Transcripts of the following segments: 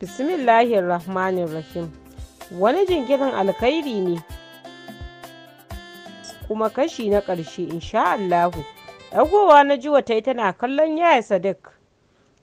bismillahir rahmanir rahim wani jinkirin alkhairi ne kuma kashi na ƙarshe insha Allahu ɗagowa na jiwa ta yi tana kallon yaya sadiq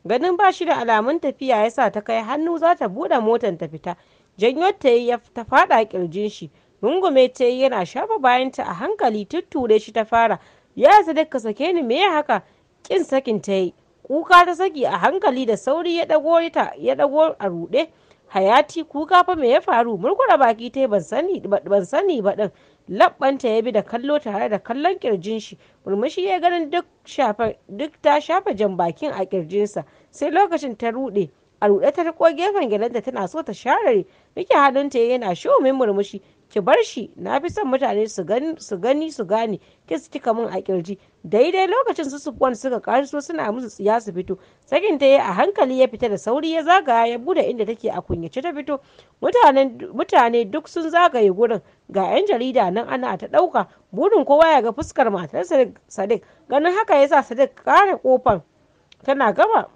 ganin ba shi da alamun tafiya yasa ta kai hannu za ta buɗe motar ta fita janyo ta yi ta faɗa ƙirjin shi rungume ta yi yana shafa bayanta a hankali tutture shi ta fara yaya sadiq ka sake ni me haka Kin sakin ta yi kuka ta saki a hankali da sauri ya dago ta ya dago a rude hayati kuka fa me ya faru murkura baki ta ban sani ban sani ba din labbanta ya bi da kallo tare da kallon kirjin shi murmushi ya ganin duk shafa duk ta shafa jan bakin a kirjinsa sai lokacin ta rude a rude ta riko gefen gidanta tana so ta share miki ta yana shomin murmushi ki bar shi na fi son mutane su gani su gane ki su cika min a kirji daidai lokacin su sufuwan suka kariso suna musu tsiya su fito sakin ta yi a hankali ya fita da sauri ya zagaya ya bude inda take a kunyace ta fito mutane duk sun zagaye gurin ga 'yan jarida nan ana ta ɗauka burin kowa ya ga fuskar matar sadik ganin haka ya sa kare kofar tana gaba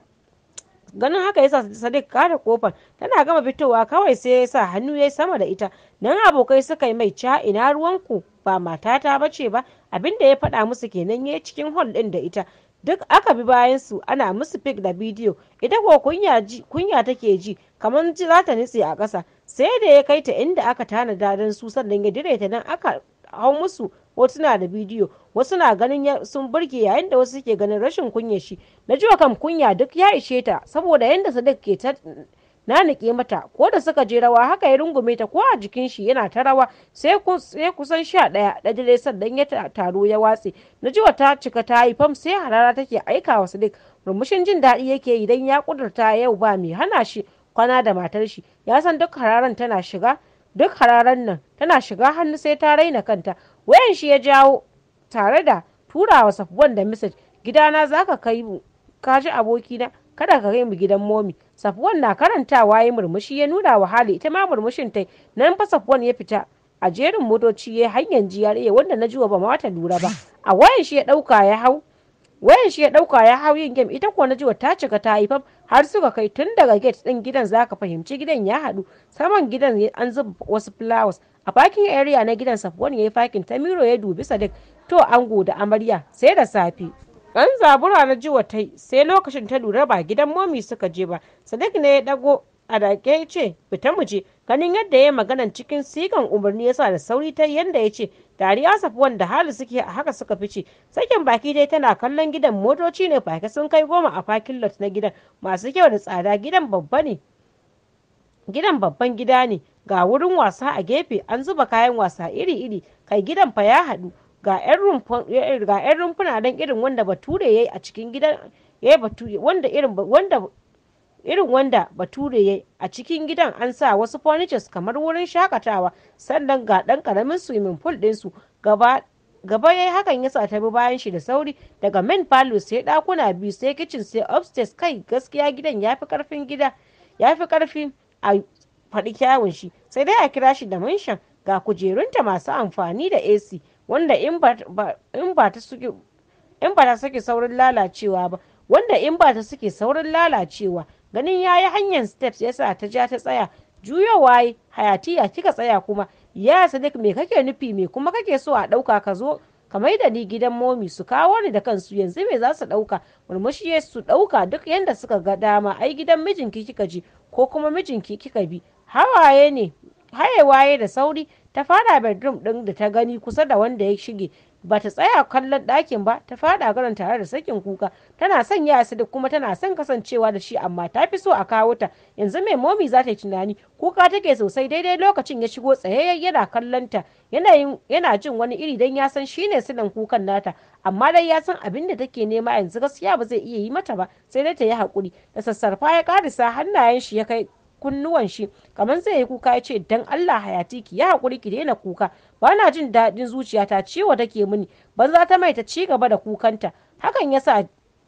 ganin haka yasa sadiq kare kofar tana gama fitowa kawai sai ya sa hannu ya sama da ita nan abokai suka yi mai ca ina ruwanku ba matata ba ce ba abinda ya faɗa musu kenan ya cikin hall ɗin da ita duk aka bi bayan su ana musu fik da bidiyo ita ko kunya take ji kamar ji za ta nutse a ƙasa sai da ya kai ta inda aka tana don su sannan ya dire ta nan aka hau musu hotuna da bidiyo wasu na ganin sun burge yayin da wasu ke ganin rashin kunya shi na jiwa kam kunya duk ya ishe ta saboda yadda sadiq ke ta nanike mata ko da suka je rawa haka ya rungume ta ko a jikin shi yana ta rawa sai kusan sha ɗaya da dare sannan ya taro ya watse na jiwa ta cika ta yi fam sai harara take aika wa sadiq murmushin jin daɗi yake idan ya kudurta yau ba mai hana shi kwana da matar shi ya san duk hararan tana shiga duk hararan nan tana shiga hannu sai ta raina kanta wayan shi ya jawo tare da turawa safwan da misaj gidana ka kai mu ka ji abokina kada ka kai mu gidan momi safwan na karantawa ya murmushi ya nuna wa hali ita ma murmushin tai nan fa safwan ya fita a jerin motoci ya hanyar GRA wanda na jiwa ba ma ta lura ba a wayan shi ya dauka ya hau wayan shi ya dauka ya hau yin game ita kuwa na jiwa ta cika ta haifar har suka kai tun daga gate din gidan zaka fahimci gidan ya haɗu saman gidan an zuba wasu flowers a parking area na gidan safwan ya yi parking tamiro ya dubi sadiq to ango da amarya sai da safe dan zabura na jiwa ta sai lokacin ta lura ba gidan momi suka je ba sadiq ne ya dago a dake ya ce fita mu je ganin yadda ya maganan cikin sigan umarni yasa da sauri ta yanda ya ce dari asaf wanda hali suke a haka suka fice sakin baki dai tana kallon gidan motoci ne fake sun kai goma a fakin lot na gidan masu kyau da tsada gidan babba ne gidan babban gida ne ga wurin wasa a gefe an zuba kayan wasa iri-iri kai gidan fa ya haɗu ga 'yan rumfuna don irin wanda bature ya a cikin gidan wanda irin wanda irin wanda bature ya a cikin gidan an sa wasu furnitures kamar wurin shakatawa sannan ga dan karamin swimming pool ɗinsu gaba gaba yayi hakan ya sa ta bayan shi da sauri daga main palace sai dakuna biyu sai kitchen sai upstairs kai gaskiya gidan ya fi karfi gida ya fi a faɗi kyawun shi sai dai a kira shi da manshan ga kujerunta masu amfani da ac wanda in ba ta suke saurin lalacewa ba wanda in ba ta suke saurin lalacewa ganin ya yi hanyar steps ya sa ta ja ta tsaya juyowa ya kika tsaya kuma ya sadik me kake nufi me kuma kake so a ɗauka ka zo ka mai da ni gidan momi su kawo ni da kansu yanzu me za su ɗauka murmushi su ɗauka duk yanda suka ga dama ai gidan mijinki kika ji ko kuma mijinki kika bi hawaye ne haye waye da sauri ta fara bedroom ɗin da ta gani kusa da wanda ya shige ba ta tsaya kallon ɗakin ba ta faɗa garin tare da sakin kuka tana son ya duk kuma tana son kasancewa da shi amma ta fi so a kawo ta yanzu mai momi za ta yi tunani kuka take sosai daidai lokacin ya shigo tsayayyen yana kallon ta yana jin wani iri dan ya san shine silan kukan nata amma dai ya san abin da take nema yanzu gaskiya ba zai iya yi mata ba sai dai ta yi haƙuri da sassarfa ya karisa hannayen shi ya kai kunnuwan shi kamar zai yi kuka ya ce dan Allah hayati ki ya haƙuri ki daina kuka ba na jin daɗin zuciyata ciwo take mini banza ta mai ta ci gaba da kukanta hakan ya sa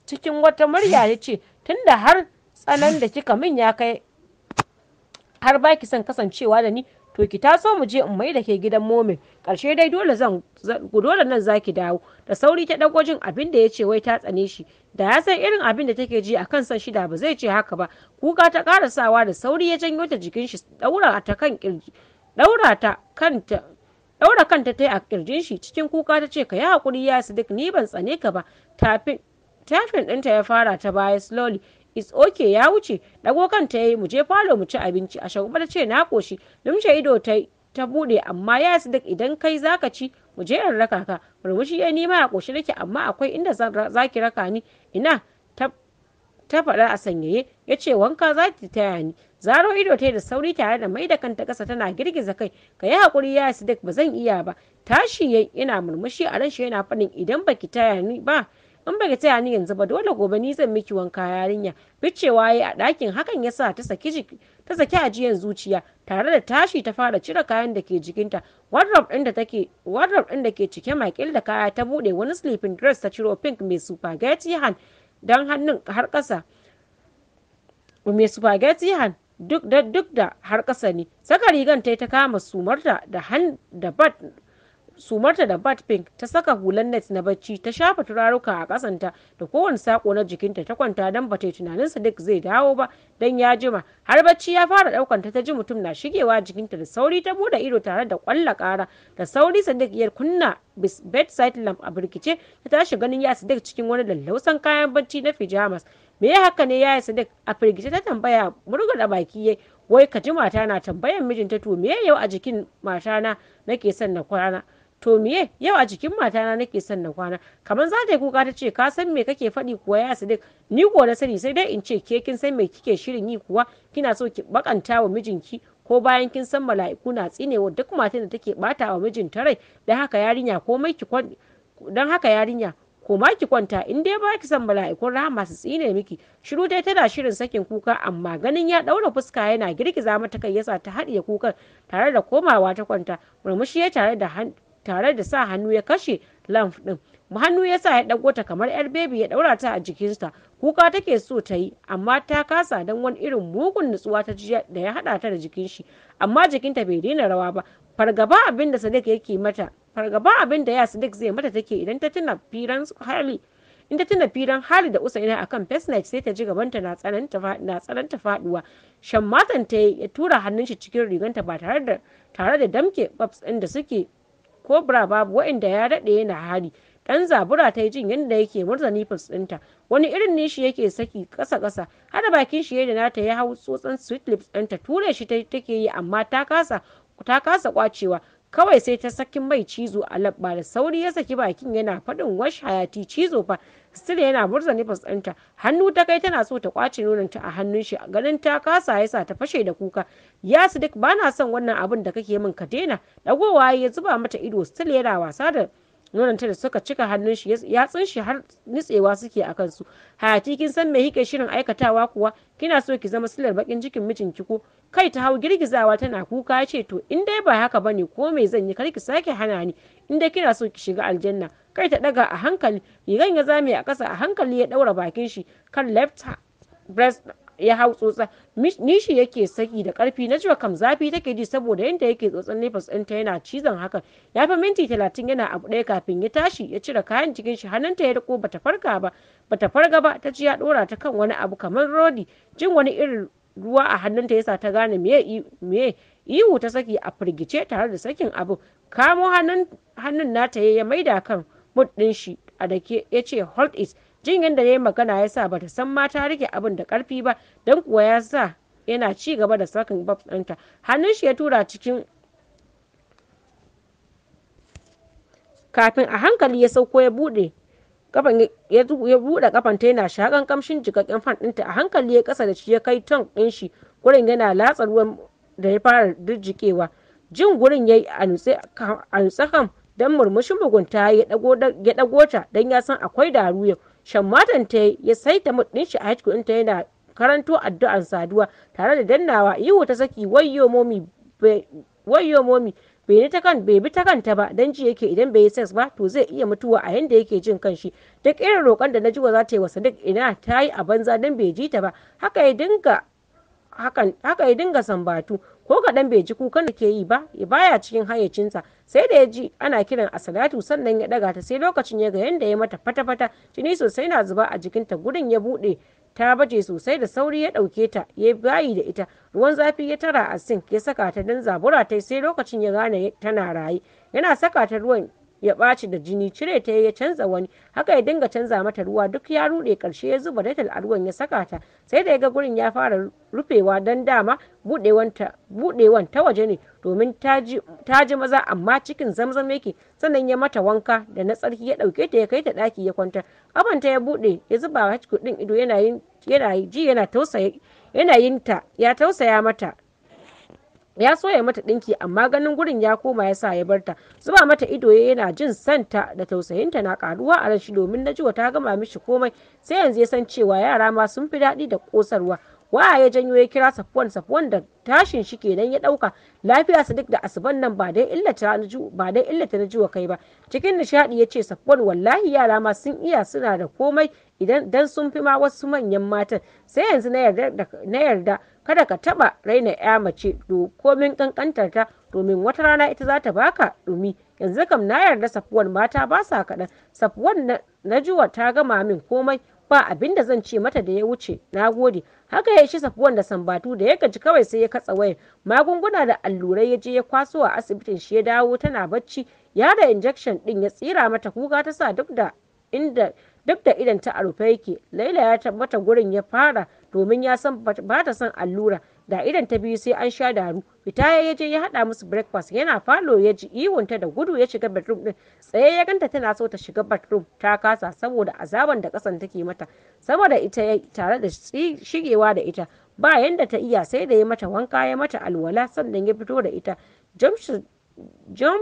cikin wata murya ya ce Tun da har tsanan da kika min ya kai har ba ki son kasancewa da ni to ki taso mu je in mai da ke gidan momin karshe dai dole zan dole nan zaki dawo da sauri ta dago jin abin da ce wai ta tsane shi da ya san irin abin da take ji akan san shida ba zai ce haka ba kuka ta karasawa da sauri ya janyo ta jikin shi daura ta kan kirji daura ta kanta ɗaura kanta ta yi a kirjin shi cikin kuka ta ce ka yi hakuri ya sidik ni ban tsane ka ba tafin ɗinta ya fara ta baya slowly it's okay ya wuce ɗago kanta ya yi mu je falo mu ci abinci a shagwaba ta ce na ƙoshi lumshe ido ta ta buɗe amma ya sidik idan kai zaka ci mu je in raka ka murmushi ya nima a ƙoshi nake amma akwai inda zaki raka ni ina ta faɗa a sanyaye ya ce wanka za ta taya ni zaro ido ta da sauri tare da mai da kanta kasa tana girgiza kai ka yi hakuri ya sidik ba zan iya ba tashi yai ina murmushi a ranshi yana faɗin idan baki taya ni ba in baki taya ni yanzu ba dole gobe ni zan miki wanka yarinya ficewa yayi a ɗakin hakan ya sa ta saki ta saki ajiyan zuciya tare da tashi ta fara cire kayan da ke jikinta wardrobe ɗin da take wardrobe ɗin da ke cike makil da kaya ta buɗe wani sleeping dress ta ciro pink mai spaghetti hand dan hannun har ƙasa ume Spaghetti Han duk da har ƙasa ne, saka rigan ta yi ta kama sumarta da bat sumarta da bat-pink ta saka hulan net na bacci ta shafa turaruka a kasanta da kowane sako na jikinta ta kwanta don bata tunanin sadiq zai dawo ba don ya jima har bacci ya fara daukan ta ji mutum na shigewa jikinta da sauri ta bude ido tare da kwalla kara da sauri sadiq ya kunna bedside lamp a birkice ta tashi ganin ya sadiq cikin wani lallausan kayan bacci na pajamas me ya haka ne ya yi sadiq a firgice ta tambaya da baki yayi wai ka ji mata na tambayan mijinta to me yau a jikin mata na nake son na kwana to miye yau a jikin matana nake son na kwana kamar za ta yi kuka ta ce ka san me kake faɗi kuwa ya sadiq ni kuwa na sani sai dai in ce ke kin san me kike shirin yi kuwa kina so ki bakanta wa mijinki ko bayan kin san mala'iku na tsinewa duk matan da take bata wa mijinta rai dan haka yarinya mai ki dan haka yarinya ko ma ki kwanta in dai ba ki san mala'ikun rahama su tsine miki shiru dai tana shirin sakin kuka amma ganin ya daura fuska yana girgiza mata kai yasa ta haɗiye kukan tare da komawa ta kwanta murmushi ya tare da tare da sa hannu ya kashe lamf ɗin hannu ya sa ya ɗago ta kamar yar bebi ya ɗaura ta a jikinsa kuka take so ta yi amma ta kasa don wani irin mugun nutsuwa ta ji da ya hada ta da jikin shi amma jikinta bai daina rawa ba fargaba abin da sadiq yake mata fargaba abin da ya sadiq zai mata take idan ta tuna firan hali in ta tuna firan hali da usaina akan fesnet sai ta ji gabanta na tsananta faduwa shan matan ta ya tura hannun shi cikin riganta ba tare da tare da damke babs ɗin da suke ko babu waɗanda ya daɗe yana hari ɗan zabura ta yi jin yadda yake murza nifis ɗinta wani irin nishi yake saki ƙasa ƙasa hada bakin shi da nata ya hau tsotsan sweet lips ɗinta ture shi take yi amma ta kasa ta kasa kwacewa kawai sai ta sakin mai cizo a labba da sauri ya saki bakin yana faɗin wash hayati cizo fa still yana burza nifas ɗinta hannu ta kai tana so ta kwace ta a hannun shi ganin ta kasa yasa ta fashe da kuka ya su duk ba na son wannan abin da kake min ka daina dagowa ya zuba mata ido still yana wasa da ta da suka cika hannun shi ya tsin shi har nitsewa suke a kansu hayati kin san me hike shirin aikatawa kuwa kina so ki zama silar bakin cikin mijinki ko kai ta hau girgizawa tana kuka ce to in dai ba haka bane ko me zan yi kar ki sake hana ni in dai kina so ki shiga aljanna kai ta daga a hankali rigan ya zame a kasa a hankali ya ɗaura bakin shi kan left breast ya hau tsotsa nishi yake saki da karfi na cewa kam zafi take ji saboda yadda yake tsotsan nefas ɗinta yana cizon haka ya fi minti talatin yana abu ɗaya kafin ya tashi ya cire kayan cikin shi hannunta ya riko bata farka ba bata farga ba ta ci ya ɗora ta kan wani abu kamar rodi jin wani irin ruwa a hannunta yasa ta gane meye meye ihu ta saki a firgice tare da sakin abu kamo hannun nata ya maida kan mood ɗin shi a dake ya ce hold it jin yadda ya yi magana ya sa bata san mata rike abin da karfi ba don kuwa ya sa yana ci gaba da sakin bab ɗinta hannun shi ya tura cikin kafin a hankali ya sauko ya bude kafan ya kafanta yana shakan kamshin jikakken fan ɗinta a hankali ya kasa da shi ya kai ton ɗin shi gurin yana latsa ruwan da ya fara dirjikewa jin gurin ya yi a nutse kam. don murmushin mugunta ya ɗago ta don ya san akwai daru yau shan matan ta ya saita muɗin shi a hajji ta yana karanto addu'an saduwa tare da dannawa ihu ta saki wayyo momi bai ni ta kan bi ta kanta ba dan ji yake idan bai yi sex ba to zai iya mutuwa a yanda yake jin kanshi duk irin roƙon da na ji wa za ta yi wa Sadiq ina ta yi a banza dan bai ji ta ba haka ya dinga haka ya dinga sambatu ko kaɗan bai ji kukan da ke yi ba ya baya cikin hayyacinsa sai da ya ji ana kiran a salatu sannan ya ɗaga ta sai lokacin ya ga yadda ya mata fata-fata jini sosai na zuba a jikinta gudun ya bude ta baje sosai da sauri ya dauke ta ya bayi da ita ruwan zafi ya tara a sink ya saka ta don zabura ta sai lokacin ya gane tana raye yana saka ta ruwan ya ɓaci da jini cire ta ya canza wani haka ya dinga canza mata ruwa duk ya ruɗe karshe ya zuba detal a ruwan ya saka ta sai da ya ga gurin ya fara rufewa don dama buɗewan ta waje ne domin ta ji maza amma cikin zamzam yake sannan ya mata wanka da na tsarki ya ɗauke ta ya kai ta ɗaki ya kwanta ta ya buɗe ya zuba wa ɗin ido yana ji yana ya tausaya mata ya so ya mata ɗinki amma ganin gurin ya koma ya sa ya barta zuba mata ido ya yana jin santa da tausayinta na karuwa a rashi domin na jiwa ta gama mishi komai sai yanzu ya san cewa yara ma sun fi daɗi da ƙosarwa waya ya janyo ya kira safuwan safuwan da tashin shi kenan ya ɗauka lafiya su duk da asuban nan ba dai illata na jiwa kai ba cikin nishadi ya ce safuwan wallahi yara ma sun iya suna da komai idan dan sun fi ma wasu manyan matan sai yanzu na yarda kada ka taɓa raina ya mace komin ƙanƙantar ta domin wata rana ita za ta baka ɗumi yanzu kam na yarda safuwan mata ba sa kaɗan safuwan na juwa ta gama min komai ba abin da zan ce mata da ya wuce na gode haka ya ishi safuwan da sambatu da ya gaji kawai sai ya katsa wayar magunguna da allurai ya je ya kwaso a asibitin shi ya dawo tana bacci yada injection din ya tsira mata kuka ta sa duk da inda duk da idan a rufe yake laila ya tabbata gurin ya fara domin ya san ba ta son allura da idan ta biyu sai an sha daru fita ya je ya hada musu breakfast yana falo ya ji iwonta da gudu ya shiga bedroom din tsaye ya ganta tana so ta shiga bedroom ta kasa saboda azaban da kasan take mata saboda da ita tare da shigewa da ita ba yanda ta iya sai da ya mata wanka ya mata alwala sannan ya fito da ita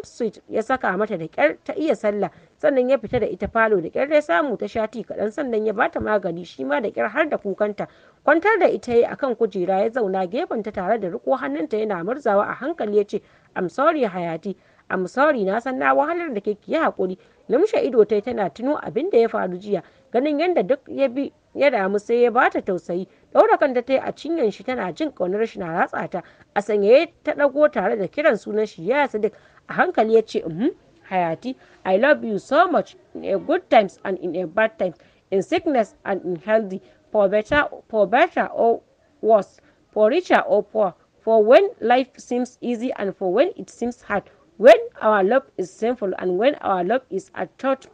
suit ya saka mata da kyar ta iya sallah sannan ya fita da ita falo da ƙyar dai samu ta sha ti kaɗan sannan ya bata magani shi ma da kyar har da kukanta kwantar da ita ya akan kujera ya zauna gefen ta tare da riko hannunta yana murzawa a hankali ya ce am sorry hayati am sorry na san na wahalar da ke ki haƙuri lumshe ido ta tana tuno abin da ya faru jiya ganin yadda duk ya bi ya damu sai ya bata tausayi daura kanta ta a cinyan shi tana jin kaunar shi na ratsa ta a sanyaye ta dago tare da kiran sunan shi ya sadiq a hankali ya ce mu. Uhm. Hayati, I love you so much in a good times and in a bad times, in sickness and in healthy, for better, for better or worse, for richer or poor, for when life seems easy and for when it seems hard, when our love is sinful and when our love is at third,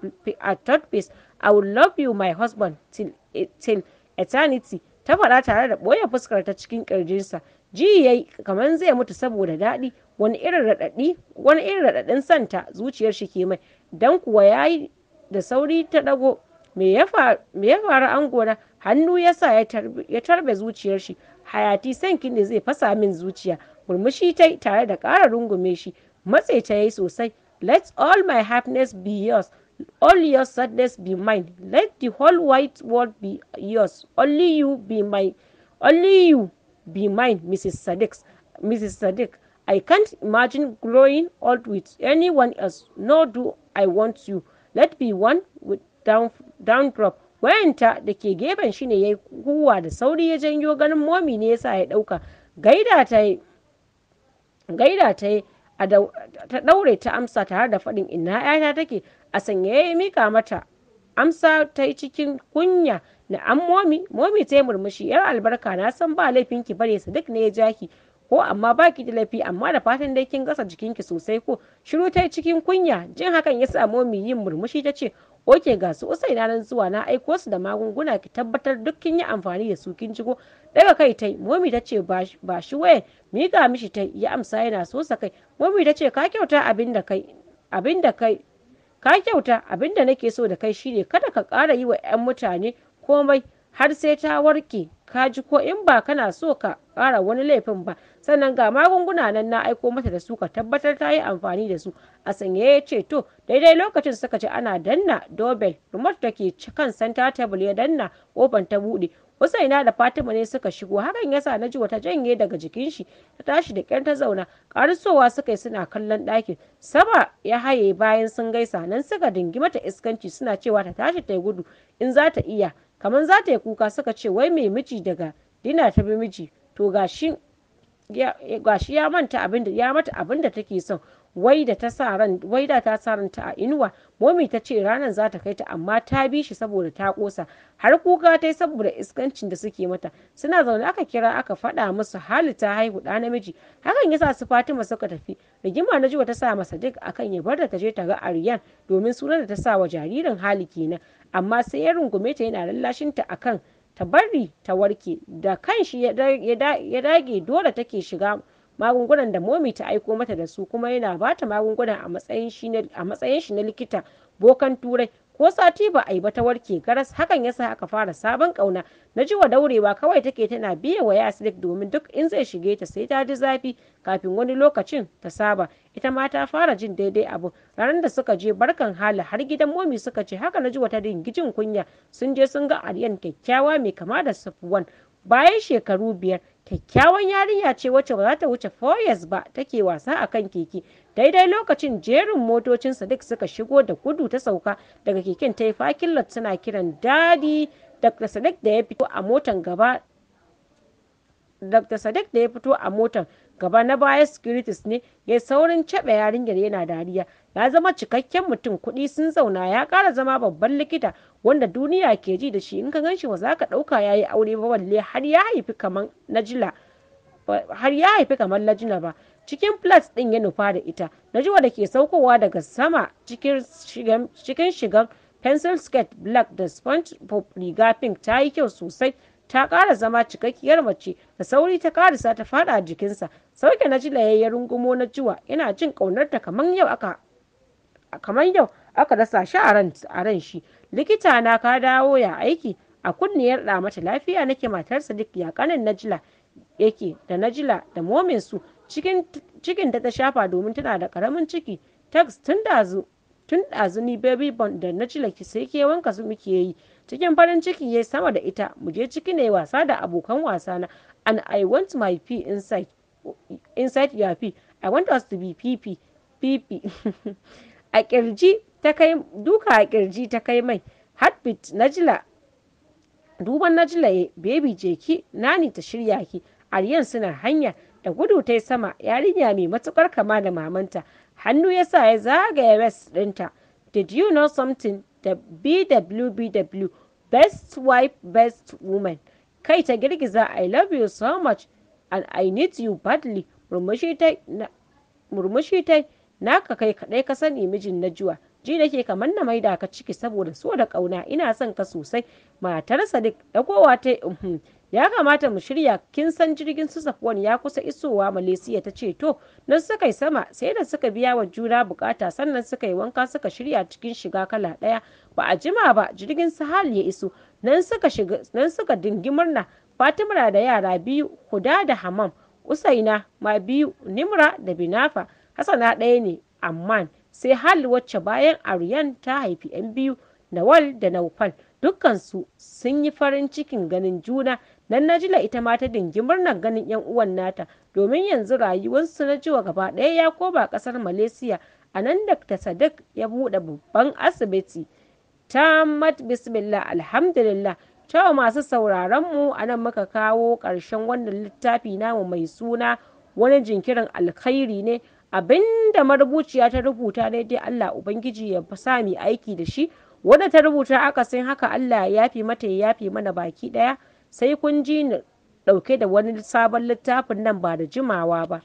at third place, I will love you, my husband, till, till eternity. Ta faɗa tare da ɓoye fuskar ta cikin ƙirjinsa, ji yayi kamar zai mutu saboda daɗi wani irin raɗaɗi wani irin raɗaɗin santa zuciyar shi ke mai dan kuwa yayi da sauri ta ɗago me ya faru gona hannu ya sa ya tarbe zuciyar shi hayati sanki ne zai fasa min zuciya murmushi ta tare da ƙara rungume shi matse ta yi sosai let all my happiness be yours all your sadness be mine let the whole white world be yours only you be my only you be mine mrs sadiq mrs sadiq I can't imagine growing old with anyone else nor do I want you. Let be one with drop! wayanta da ke gefen shi ne ya yi kuwa da sauri ya janyo ganin momi ne yasa ya ɗauka gaida ta yi gaida ta yi ta ɗaure ta amsa tare da faɗin ina yaya take a sanya ya mika mata amsa ta yi cikin kunya na momi momi ta yi murmushi yar albarka na san ba laifin ki bare su duk ne ya jaki ko amma baki da laifi amma da fatan dai kin gasa jikinki sosai ko shiru ta cikin kunya jin hakan ya sa momi yin murmushi ta ce oke ga su usai na nan zuwa na aiko su da magunguna ki tabbatar duk kin yi amfani da su kin jigo daga kai tai momi ta ce ba shi waya mika mishi tai ya amsa yana so sa kai momi ta ce ka kyauta abin da kai abin kai ka kyauta abin nake so da kai shine kada ka kara yi wa 'yan mutane komai har sai ta warke ka ji ko in ba kana so ka ƙara wani laifin ba sannan ga magunguna nan na aiko mata da su ka tabbatar ta yi amfani da su a sanye ya ce to daidai lokacin suka ce ana danna dobel remote da ke kan santa table ya danna kofan ta buɗe usaina da Fatima ne suka shigo hakan yasa na ji wata janye daga jikin shi ta tashi da ƙyar ta zauna ƙarisowa suka yi suna kallon ɗakin Saba ya haye bayan sun gaisa nan suka dingi mata iskanci suna cewa ta tashi ta yi gudu in za ta iya kamar za ta yi kuka suka ce wai mai miji daga dina ta bi miji to gashi ya manta abinda ya mata abinda take son wai da ta sa ran wai da ta sa ranta a inuwa momi ta ce ranar za ta kai ta amma ta bi shi saboda ta kosa har kuka ta yi saboda iskancin da suke mata suna zaune aka kira aka fada musu hali ta haihu ɗa namiji hakan yasa su Fatima suka tafi rigima na jiwa ta sa masa duk akan ya bar da ta je ta ga Aryan domin sunan da ta sa wa jaririn hali kenan amma sai ya rungume ta yana lallashinta akan ta bari ta warke da kan shi ya dage dole take shiga magungunan da momi ta aiko mata da su kuma yana ba ta magungunan a matsayin shi na likita bokan turai ko sati ba a yi ba ta warke garas hakan yasa aka fara sabon kauna na jiwa daurewa kawai take tana biye wa yasirik domin duk in zai shige ta sai ta ji zafi kafin wani lokacin ta saba ita ma ta fara jin daidai abu ranar da suka je barkan hali har gidan momi suka ce haka na jiwa ta jin kunya sun je sun ga aryan kyakkyawa mai kama da safuwan bayan shekaru biyar Kyakkyawan yarinya ce wacce ba za ta wuce Foyes ba take wasa a kan keke. Daidai lokacin jerin motocin Sadiq suka shigo da gudu ta sauka daga keken ta yi fakin lot suna kiran dadi Dr. Sadiq da ya fito a motan gaba Dr. Sadiq da ya fito a motan gaba na baya securities ne ya saurin caɓe yarinyar yana dariya ya zama cikakken mutum kuɗi sun zauna ya ƙara zama babban likita wanda duniya ke ji da shi in ka ganshi ba za ka ɗauka ya yi aure ba balle har ya haifi kamar najila jina ba cikin plus ɗin ya nufa da ita na najila da ke saukowa daga sama cikin shigan pencil skirt black da sponge pop riga pink ta yi kyau sosai ta ƙara zama cikakkiyar mace da sauri ta ƙarisa ta faɗa jikinsa sauke na ji layayyar rungumo na jiwa yana jin ƙaunarta kamar yau aka kamar yau aka rasa shi a ran shi likita na ka dawo ya aiki a kunniyar da mata lafiya nake matar duk ya kanin najila yake da najila da momin su cikin da ta shafa domin tana da karamin ciki tax tun dazu tun dazu ni baby bond da najila ki sai ke wanka su muke yi cikin farin ciki ya sama da ita mu je ciki ne wasa da abokan wasa na and i want my pee inside inside your p i want us to be a kirji ta kai duka a kirji ta kai mai heartbeat najila duban najila ya baby jeki nani ta shirya ki aryan suna hanya da gudu ta sama yarinya mai matukar kama da mamanta hannu yasa sa ya zagaya west ɗinta did you know something BWBW (Best Wife, Best Woman) Kai ta girgiza I love you so much and I need you badly murmushi ta na ka kai kadai ka sani mijin na Juwa, ji nake kamar na maida ka ciki saboda so da kauna ina son ka sosai matar Sadiq kowa ta yi ya kamata mu shirya kin san jirgin su safwan ya kusa isowa malaysia ta ce to nan suka yi sama sai da suka biya wa juna bukata sannan suka yi wanka suka shirya cikin shiga kala daya ba a jima ba jirgin sahal ya iso nan suka shiga nan suka dingi murna fatima da yara biyu huda da hamam usaina ma biyu nimra da binafa hasana daya ne amman sai hal wacce bayan aryan ta haifi yan biyu nawal da naufal Dukkansu sun yi farin cikin ganin juna, ji Najla ita ma ta dingi murnar ganin 'yan uwan nata, domin yanzu rayuwarsu na wa gaba ɗaya ya koma ƙasar Malaysia. a nan da sadiq ya buɗe babban asibiti. mat Bismillah Alhamdulillah. cewa masu sauraronmu a nan muka kawo ƙarshen wannan littafi namu mai suna wani jinkirin alkhairi ne abinda marubuciya ta rubuta dai-dai Allah Ubangiji ya sa aiki da shi wadda ta rubuta aka akasin haka Allah ya yafi mata ya yafi mana baki daya sai kun ji ni ɗauke da wani sabon littafin nan ba da jimawa ba.